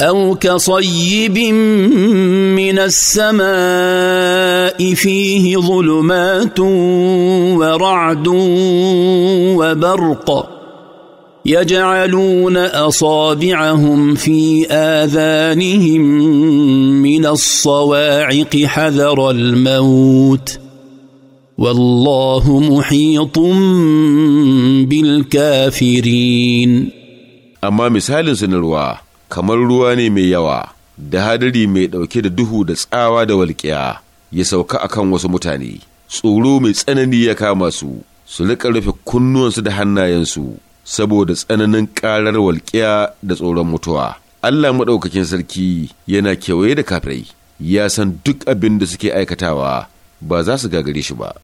او كصيب من السماء فيه ظلمات ورعد وبرق يجعلون اصابعهم في اذانهم من الصواعق حذر الموت والله محيط بالكافرين اما مثال سنروا kamar ruwa ne mai yawa da hadari mai ɗauke da duhu da tsawa da walƙiya ya sauka a kan wasu mutane tsoro mai tsanani ya kama su su riƙa rufe kunnuwansu da hannayensu saboda tsananin ƙarar walƙiya da tsoron mutuwa Allah maɗaukakin sarki yana kewaye da kafirai ya san duk abin da suke aikatawa ba za su gagare shi ba